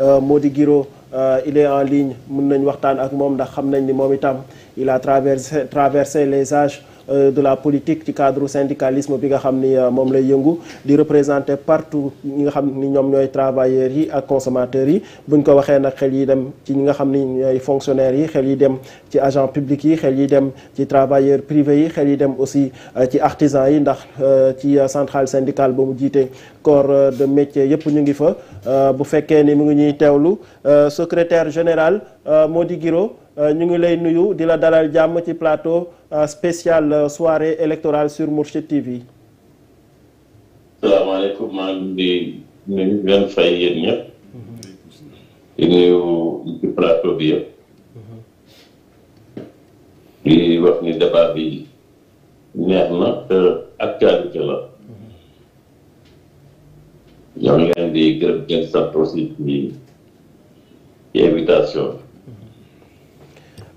Euh, Mody Guiro euh, il est en ligne mun nañ waxtaan ak moom ndax xam nañ ni moom itam il a traversé traversé les âges Euh, de la politique ci cadre syndicalisme bi nga xam ni euh, moom lay yëngu di représenter partout ñi nga xam ni ñoom ñooy travailleurs yi ak consommateurs yi buñ ko waxee nag xel yi dem ci ñi nga xam ni ñooy fonctionnaires yi xel yi dem ci agent public yi xel yi dem ci travailleurs privés yi xel yi dem aussi euh, ci artisans yi ndax ci centrale syndicale ba mu jiite corps de métiers yëpp ñu ngi fa bu fekkee ni mu ngi ñuy teewlu secrétaire général Mody Guiro ñu ngi lay nuyu di la dalal jàmm ci plateau Euh, spécial euh, soirée électorale sur Mourchid TV. salaamaaleykum maa ngi nuyu ngeen fay yéen ñëpp. di nuyu ci plateau bi yëpp. di wax ni débat bi neex na te actualité la. ñoo leen di gërëm di sant aussi ci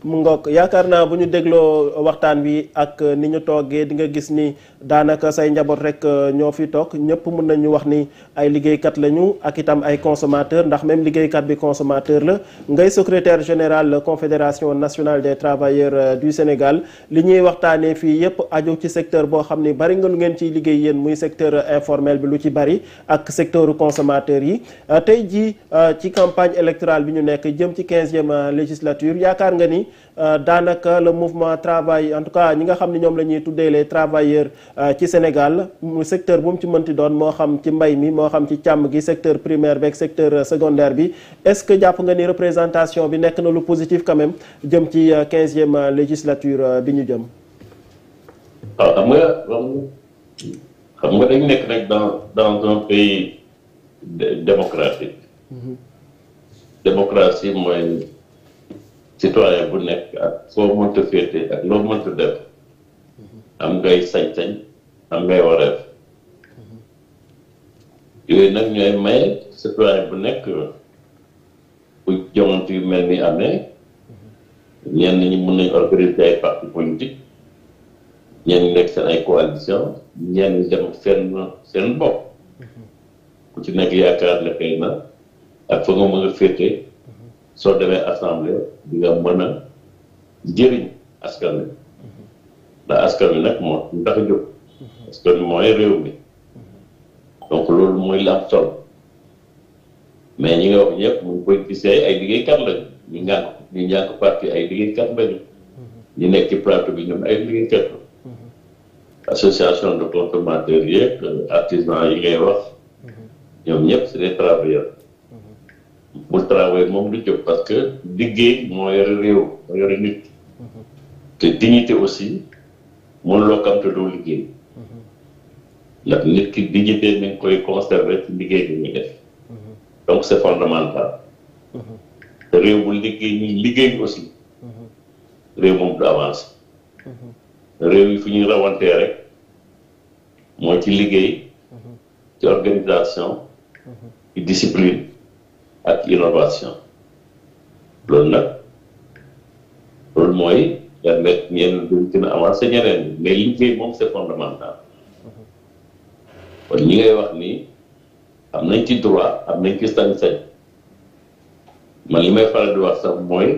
mu ngook yaakaar naa bu ñu dégloo waxtaan wi ak ni ñu toogee dinga gis ni daanaka say njaboot rek euh, ñoo fi toog ñëpp mun nañu wax ni ay liggéeykat lañu ak itam ay consommateurs ndax même liggéeykat bi consommateur la ngay secrétaire général confédération nationale des travailleurs euh, du Sénégal li ñuy waxtaanee fii yëpp aju ci secteur boo xam ni bari nga lu ngeen ciy liggéey yéen muy secteur euh, informel bi lu ci bari ak secteur consommateur yi tey jii ci campagne électorale bi ñu nekk jëm ci quinzième législature yaakaar nga ni. Euh, daanaka le mouvement travail en tout cas ñi nga xam ne ñoom la ñuy tuddee les euh, ci Sénégal mu secteur bu mu ci mënti doon moo xam ci mbay mi moo xam ci càmm gi secteur primaire beeg secteur euh, secondaire bi est-ce que jàpp nga ni représentation bi nekk na lu positif quand jëm ci quinzième législature bi ñu jëm. waaw ah, xam nga nga dañ nekk nag dans dans un pays démocratique. Mhm. démocratie mooy. citoyen bu nekk ak foo mënta féete ak loo def mm-hmm. am ngay sañ-sañ am ngay wareef mm-hmm. yooyu nag ñooy may citoyen bu nekk bu jamono yu mel ni amee mm-hmm. ñenn ñi mën nañ organiser ay parti politique ñenn ñi nekk seen ay coalition ñenn ñi dem seen seen ku ci nekk yaakaar ne xëy na fa nga mën a féete soo demee assemblée di nga mën a jëriñ askan wi ndax askan wi nag moo ndax jóg askan wi mooy réew mi donc loolu mooy la am solo mais ñi nga wax ñëpp mu ngi koy gisee ay liggéeykat lañ ñu ñàkk ñu ñàkk parti ay liggéeykat lañu ñu nekk ci plateau bi ñoom ay liggéeykat la association de consommateurs yeeg euh, artisans yi ngay wax ñoom ñëpp c'est des travailleurs bu travail moom du jóg parce que liggéey mooy yore réew moo nit te dignité aussi mënuloo kam te doo liggéey ndax nit ki dignité mi koy conserver ci liggéey bi muy def donc c'est fondamental te réew bu liggéey ñuy liggéey aussi réew moom du avancé réew yi fu ñuy rawantee rek mooy ci liggéey ci organisation ci discipline ak innovation loolu nag loolu mooy permettre ñenn duñ gën a avancer ñeneen ñi liggéey moom c'est fondamental kon ñi ngay wax ni am nañ ci droit am nañ ci sañ-sañ man li may faral di wax sax mooy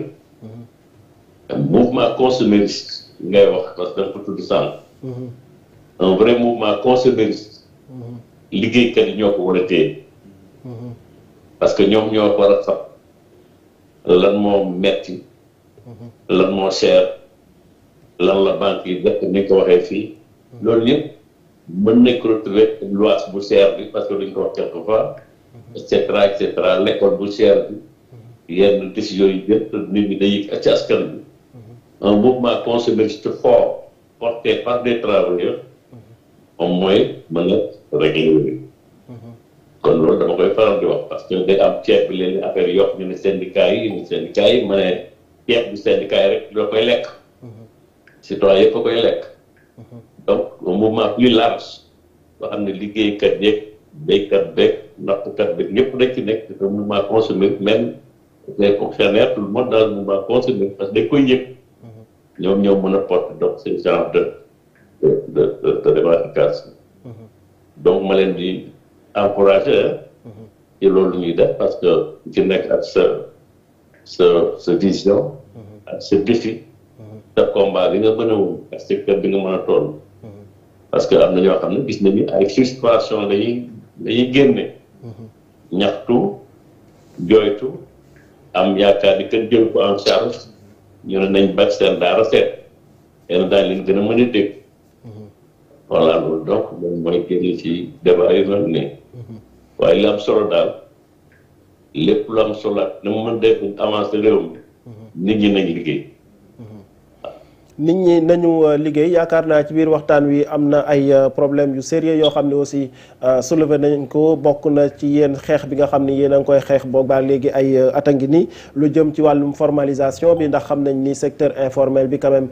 mouvement consumériste ngay wax parce que da nga ko un vrai mouvement consumériste mm-hmm. liggéeykat yi ñoo ko parce que ñoom ñoo war a xam lan moo metti mhm. lan moo cher lan la banque def ni ko waxee fii mhm. loolu yëpp mën nañ ko retrouver loyer bu cher bi parce que duñ ko wax quelque fois mhm. et cetera et cetera l'école bu cher bi yenn décisions yi yëpp nit ñi dañuy yëg ci askan bi un mouvement consumériste fort porté par des travailleurs au moins mën a régler kon loolu dama koy faral di wax parce que day am ceeb bi léegi affaire yoo xam ne syndicat yi ni syndicat ma ne ceeb bi syndicat yi rek doo koy lekk mhm. citoyen yëpp a koy lekk mhm. donc un mouvement plus large boo xam ne liggéeykat yeeg béykat beeg nappkat beeg ñëpp dañ ci nekk c'est un mouvement consommé même les fonctionnaires tout le parce que dañ koy yëg mhm. ñoom ñoo mën a porter donc ce de de de encouragé mm-hmm. ci loolu ñuy def parce que ci nekk ak sa vision mm-hmm. ak sa défi mm-hmm. sa combat bi nga mën a woon ak secteur bi parce que am na ñoo xam ne gis nañu ay frustration lañuy lañuy génne ñaxtu jooytu am yaakaar ni kenn jël ko en charge ñu ne nañ bàcc seen daara seet yenn daal leen gën a mën a mooy génn ci débat yu mel nii waaye li am solo daal lépp lu am solo ak na mu mën def avancé réew mi mhm. nit ñi nañ liggéey nit ñi nañu euh, liggéey yaakaar naa ci biir waxtaan wi am na ay euh, problème yu sérieux yoo xam ne aussi euh, solover nañ ko bokk na ci yéen xeex bi nga xam ne yéen a ngi koy xeex boobaal léegi ay at a ngi nii lu jëm ci wàllum formalisation bi ndax xam nañ ni secteur informel bi quand même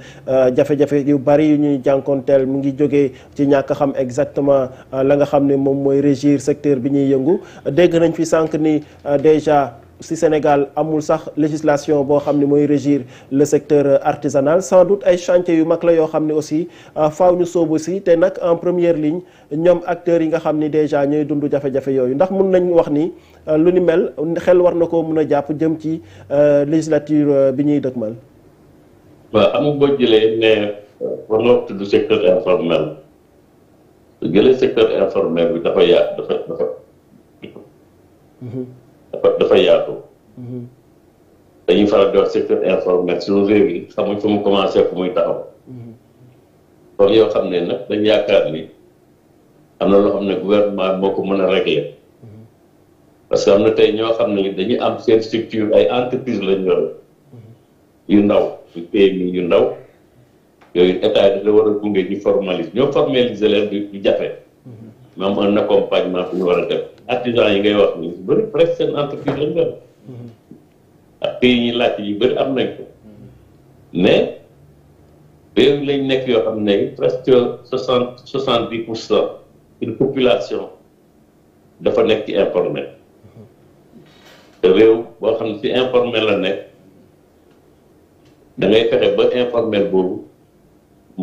jafe-jafe yu bari yu ñuy jànkoonteel mu ngi jóge ci ñàkk xam exactement la nga xam ne moom mooy régir secteur bi ñuy yëngu dégg nañ fi sànq ni déjà si Sénégal amul sax législation boo xam ne mooy régir le secteur artisanal sans doute ay chantier yu mag la yoo xam ne aussi euh, faw ñu soobu si te nag en première ligne ñoom acteurs yi nga xam ni déjà ñooy dund jafe-jafe yooyu ndax mun nañ wax ni euh, lu ni mel xel war na koo mun a jàpp jëm ci euh, législature bi ñuy dëgmal. waaw amul boo jëlee ne war nga tudd secteur informel jëlee secteur informel bi dafa yaatu dafa dafa. Mhm. dafa dafa yaatu. Mhm. dañuy fa di wax secteur informel suñu réew yi xamuñ fu mu commencé fu muy taxaw. Mhm. kon yoo xam ne nag dañ yaakaar ni am na loo xam ne gouvernement moo ko mën a régler. Mhm. parce que am na tey ñoo xam ne dañuy am seen structure ay entreprise lañu yor yu ndaw yu PMI yu ndaw yooyu état yi dafa war a gunge ñu formalise ñoo formaliser leen du jafe. maam un accompagnement bu ñu war a def. artisan yi ngay wax ni si bëri presque seen entreprise lañ doon ak pays ñuy laajte yu bëri am nañ ko mais réew lañ nekk yoo xam ne presque soixante soixante dix pour cent une population dafa nekk ci informel te réew boo xam ne ci informel la nekk da ngay fexe ba informel boobu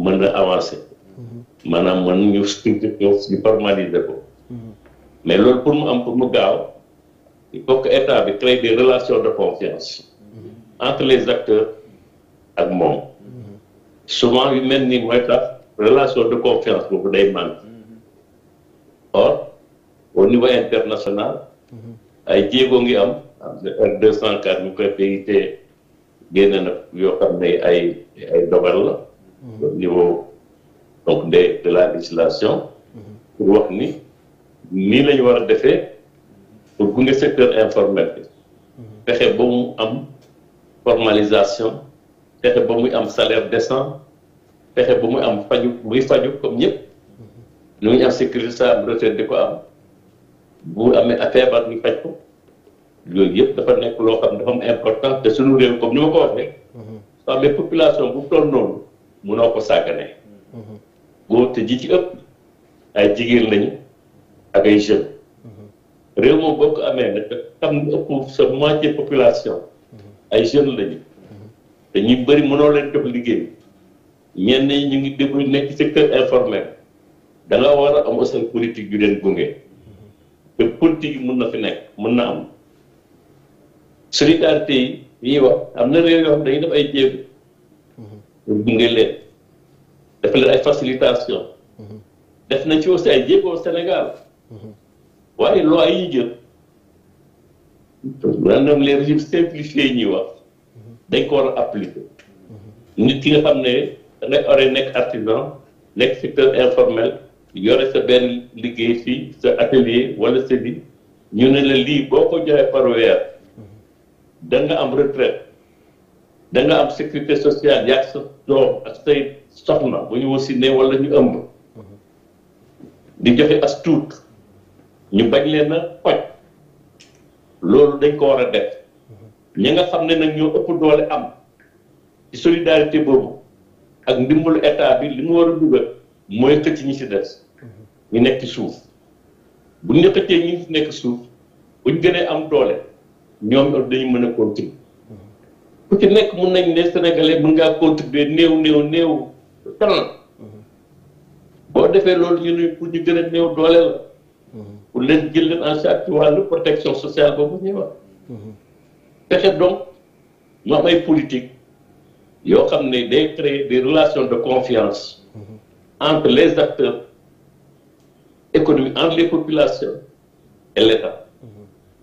mën na avancer mm-hmm. maanaam mën ñu structure ñu formaliser ko mm-hmm. mais loolu pour mu am pour mu gaaw il faut que état bi crée des relations de confiance mm-hmm. entre les acteurs ak moom mm-hmm. souvent yu mel ni mooy tax relation de confiance boobu day manqué mm-hmm. or au niveau international ay jéego ngi am am deux cent quatre ñu koy génne na yoo xam ne ay ay dogal la au niveau donc des de la législation pour wax ni lii lañu war a defee pour gunge secteur informel bi mhm. fexe ba mu am formalisation fexe ba muy am salaire décent fexe ba mu am faju muy faju comme ñëpp mhm. ñu am sécurité sa di ko am bu amee a feebar ñu faj loolu yëpp dafa nekk loo am importance te suñu réew comme ni ma ko waxee mhm. soo amee population bu toll noonu munoo ko sàggane góor te ji ci ëpp ay jigéen lañu ak ay jeunes. réew moom boo ko amee nag xam nga ëpp sa moitié population. Mhm. ay jeunes lañu. Mhm. te ñu bëri mënoo leen def liggéey. ñenn ñu ngi déglu nekk secteur informel da war a am aussi politique yu leen gunge. Mhm. te politique yi mun na fi nekk mun na am. solidarité yi ñuy wax am na réew yoo xam dañuy def ay jéego. pour gunge leen. ay facilitation. def nañ ci aussi ay jéego Sénégal. waaye loi yi jël maanaam les régimes simplifiés yi ñuy wax dañ ko war a appliquer nit ki nga xam ne dangay ore nekk artisan nekk secteur informel yore sa benn liggéey fii sa atelier wala sa bi ñu ne la lii boo ko joxee par weer da nga am retraite da nga am sécurité sociale yaa sa doom ak say soxna bu ñu wasinee wala ñu ëmb di joxe as ñu bañ leen na oj loolu dañ ko war a def ñi nga xam ne nag ñoo ëpp doole am ci solidarité boobu ak ndimbalu état bi li mu war a dugal mooy xëcc ñi ci des ñu nekk ci suuf bu ñu xëccee ñi ci nekk suuf buñ gënee am doole ñoom ñoom dañu mën a continuer ku ci nekk mun nañ ne sénégalais mën ngaa contribuer néew néew néew tan boo defee loolu ñu ne pour ñu gën a néew doole la mm-hmm. pour les jël leen en charge ci wàllu protection sociale boobu ñuy wax. fexe donc mu am ay yoo xam ne day créer des relations de confiance. entre les acteurs économiques entre les populations et l' État.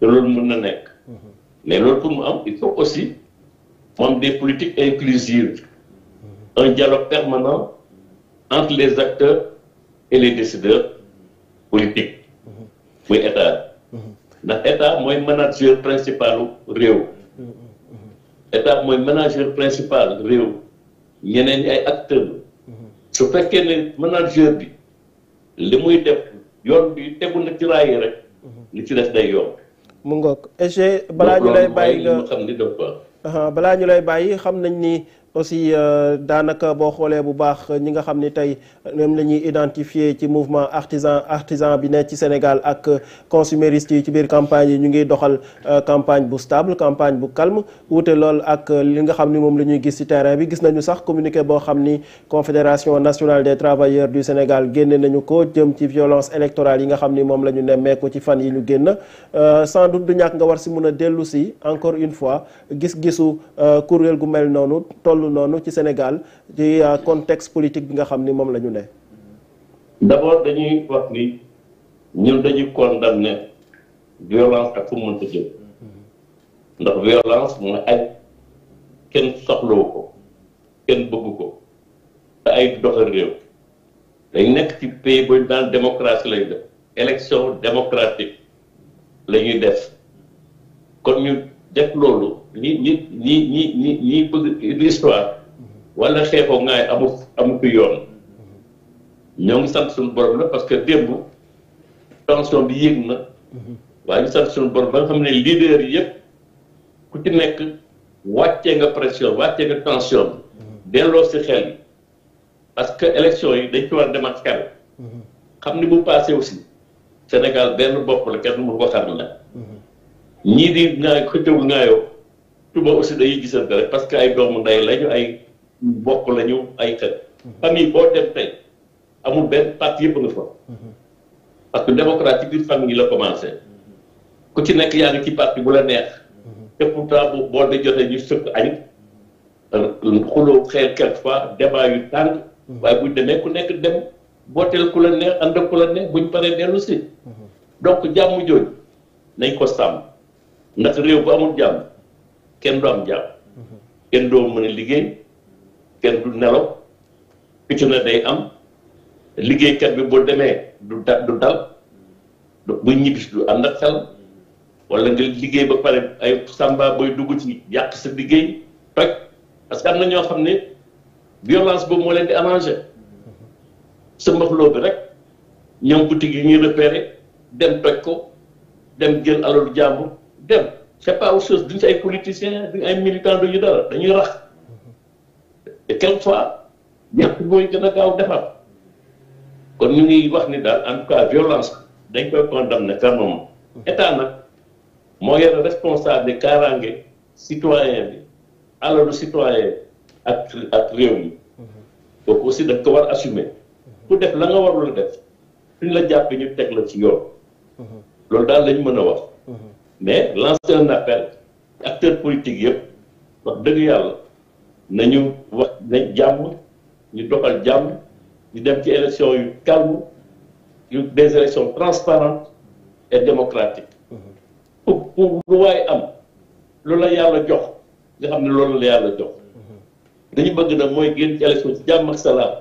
te loolu mën na nekk. mais loolu pour mu am il faut aussi mu am des politiques inclusives. un dialogue permanent entre les acteurs et les décideurs politiques. muy état ndax état mooy manager principalu réew état mooy manager principal réew ñeneen ñi ay acteur su fekkee ne manager bi li muy def yoon bi tegu na ci raay rek li ci def day yomb mu ngoog balaa ñu lay bàyyi nga xam ni balaa aussi euh, daanaka boo xoolee bu baax ñi nga xam ni tey ñoom la ñuy identifier ci mouvement artisan artisan bi nekk ci Sénégal ak consumériste yi ci biir campagne yi ñu ngi doxal euh, campagne bu stable campagne bu calme wute lool ak li nga xam ni moom la ñuy gis ci terrain bi gis nañu sax communiqué boo xam ni confédération nationale de travailleurs du Sénégal génne nañu ko jëm ci violence électorale yi nga xam ni moom la ñu nemmeeku ci fan yi ñu génn euh, sans doute du ñàkk nga war si mun a dellu si encore une fois gis-gisu kuréel gu mel noonu toll noonu ci Sénégal ci euh, contexte politique bi nga xam ni moom la ñu ne. d'abord dañuy wax ni ñun dañuy condamner violence ak fu mu mënta jëm ndax violence mooy ay kenn soxlawu ko kenn bëggu ko te ay doxal réew dañ nekk ci pays bu daan démocratie lay def élection démocratique la def kon ñu. def loolu ni ni ni ni ni ni bëgg histoire wala xeexoo ngaay amu amu yoon ñoo ngi sant suñu borom la parce que démb tension bi yéeg na waaye ñu sant suñu borom ba nga xam ne leader yi yëpp ku ci nekk wàccee nga pression wàccee nga tension bi delloo si xel yi parce que élection yi dañ ci war a xel mm-hmm. xam ni bu passé aussi Sénégal benn bopp la kenn mu ko xam la ñii di ŋaay xëccoo ŋaayoo tuba aussi dañuy gisante rek parce que ay doomu ndey lañu ay bokk lañu ay xel. Mhm. famille boo dem tey amul benn parti yëpp nga fa. Mhm. parce que démocratie biir famille la commencé. Mhm. ku ci nekk yaa ci parti bu la neex. te pourtant boo di jotee ñu sëkk añ. xuloo xeer quelquefois débat yu tàng. waaye buñ demee ku nekk dem boo booteel ku la neex ànd ak ku la neex buñ paree dellu si. jàmm jooju nañ ko sàmm. ndax réew bu amul jàmm kenn du am jàmm kenn doo mën a liggéey kenn du nelaw picc na day am liggéeykat bi boo demee du da dal bu ñibbis du ànd ak xel wala nga liggéey ba pare ay sàmba booy dugg ci yàq sa liggéey toj parce que am na ñoo xam ne violence boobu moo leen di arrangé sa mbaxloo bi rek ñoom boutique yi ñuy repéré dem toj ko dem jël alalu jàmbur dem c'est pas autre chose duñ si ay politiciens duñ ay militants ñu dara dañuy rax te quelquefois ñàkk mooy gën a gaaw defar kon ñu ngi wax ni daal en tout cas violence dañ koy condamner fermement état na moo yore responsable kaaraange citoyen bi alalu citoyen ak ak réew mi kooku aussi dañ ko war a assumer ku def la nga warul def suñ la jàppee ñu teg la ci yoon mmh. loolu daal lañ mën a wax mmh. mais lancer un appel acteurs politiques yëpp dëgg yàlla nañu wax nañ jàmm ñu doxal jàmm ñu dem ci élection yu calme yu des élections transparentes et démocratiques pour lu waaye am lu la yàlla jox nga xam ne loolu la yàlla jox dañu bëgg nag mooy génn ci élection ci jàmm ak salaam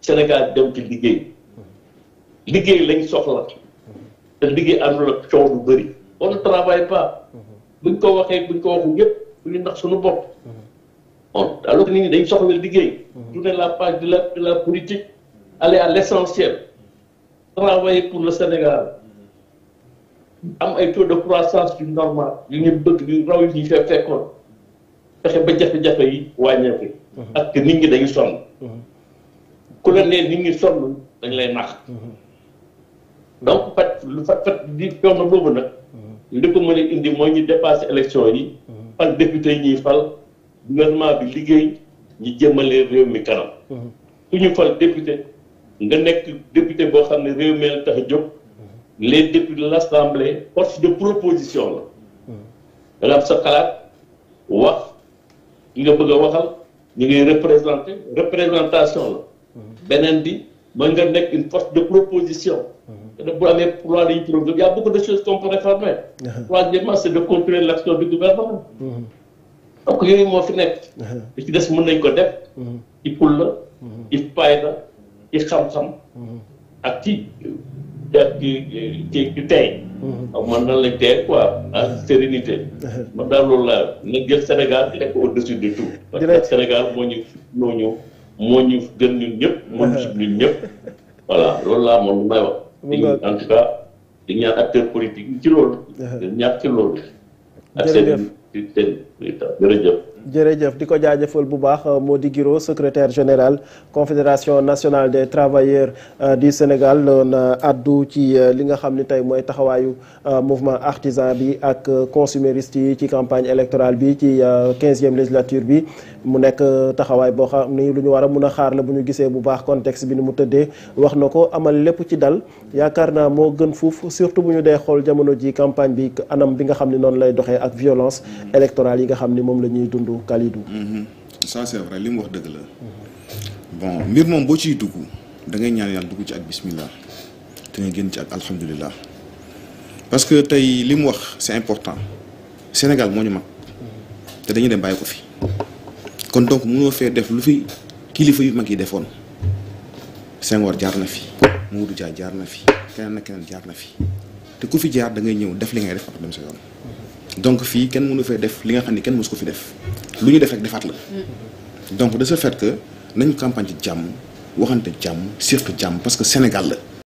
Sénégal dem ci liggéey liggéey lañ soxla te liggéey àndul ak coow lu bëri on ne travaille pas. buñ ko waxee buñ ko waxu yëpp ñu ndax suñu bopp. on alors que nit ñi dañ soxla liggéey. tourner la page de la de la politique. aller à l' essentiel. pour le Sénégal. am ay taux de croissance yu normal yu ñu bëgg yu i yi ñu fee fekkoon fexe ba jafe-jafe yi wàññeeku. ak nit ñi dañu sonn. ku la nee nit ñi sonn dañ lay nax. donc fat lu fat fat di coono boobu nag. li ko mën a indi mooy ñu dépassé élection yi. Mhm. fal député yi ñuy fal gouvernement bi liggéey ñu jëmalee réew mi kanam. Mhm. ku ñu fal député nga nekk député boo xam ne réew mi la tax jóg. Mhm. les députés de force de proposition la. da nga am sa xalaat wax ki nga bëgg a waxal ñu ngi représenté représentation la. beneen bi mën nga nekk une force de proposition. Mhm. bu amee loi dañuy trouvé de choses qu'on peut réformer. Mhm. troisièmement c'est de contrôler l'action du gouvernement. Mhm. donc yooyu moo fi nekk. li ci des mën nañ ko def. ci fulla ci la ci xam-xam. ak ci tey. xaw ma nan lañ tey quoi en sérénité. man daal loolu laa nag jël Sénégal di nekk au-dessus de tout. parce que Sénégal moo ñu moo ñëw. moo ñu gën ñun ñëpp moo ñu sib ñun ñëpp voilà loolu laa moom lu may wax di en tout acteur politique ci loolu jërëjëf. jërëjëf di ko jaajëfal bu baax euh, moo di giro secrétaire général confédération nationale des travailleurs euh, du Sénégal doon euh, addu ci li nga xam ni tey mooy taxawaayu mouvement artisan bi ak consumériste yi ci campagne électorale bi ci quinzième législature bi mu nekk taxawaay boo xam ni lu ñu war a mun a xaar la bu ñu gisee bu baax contexte bi ni mu tëddee wax na ko amal lépp ci dal yaakaar naa moo gën fuuf surtout bu ñu dee xool jamono ji campagne bi anam bi nga xam ne noonu lay doxee ak violence électorale nga xam ni moom la ñuy dund Kalidou. Mm-hmm. ça c'est vrai li mu wax dëgg la. bon mbir moom boo ciy dugg dangay ngay ñaan yàlla dugg ci ak bismillah te nga génn ci ak alhamdulilah parce que tey li mu wax c'est important Sénégal moo ñu mag te dañuy dem bàyyi ko fi kon donc mënoo fee def lu fi kilifa yu mag yi defoon Senghor jaar na fi mu Dia jaar na fi keneen ak keneen jaar na fi te ku fi jaar da ngay ñëw def li ngay def ak dem sa yoon. donc fii kenn mënu fee def li nga xam ni kenn mësu ko fi def lu ñu def rek defaat la donc de ce fait que nañu campagne ci jàmm waxante jàmm surtout jàmm parce que Sénégal la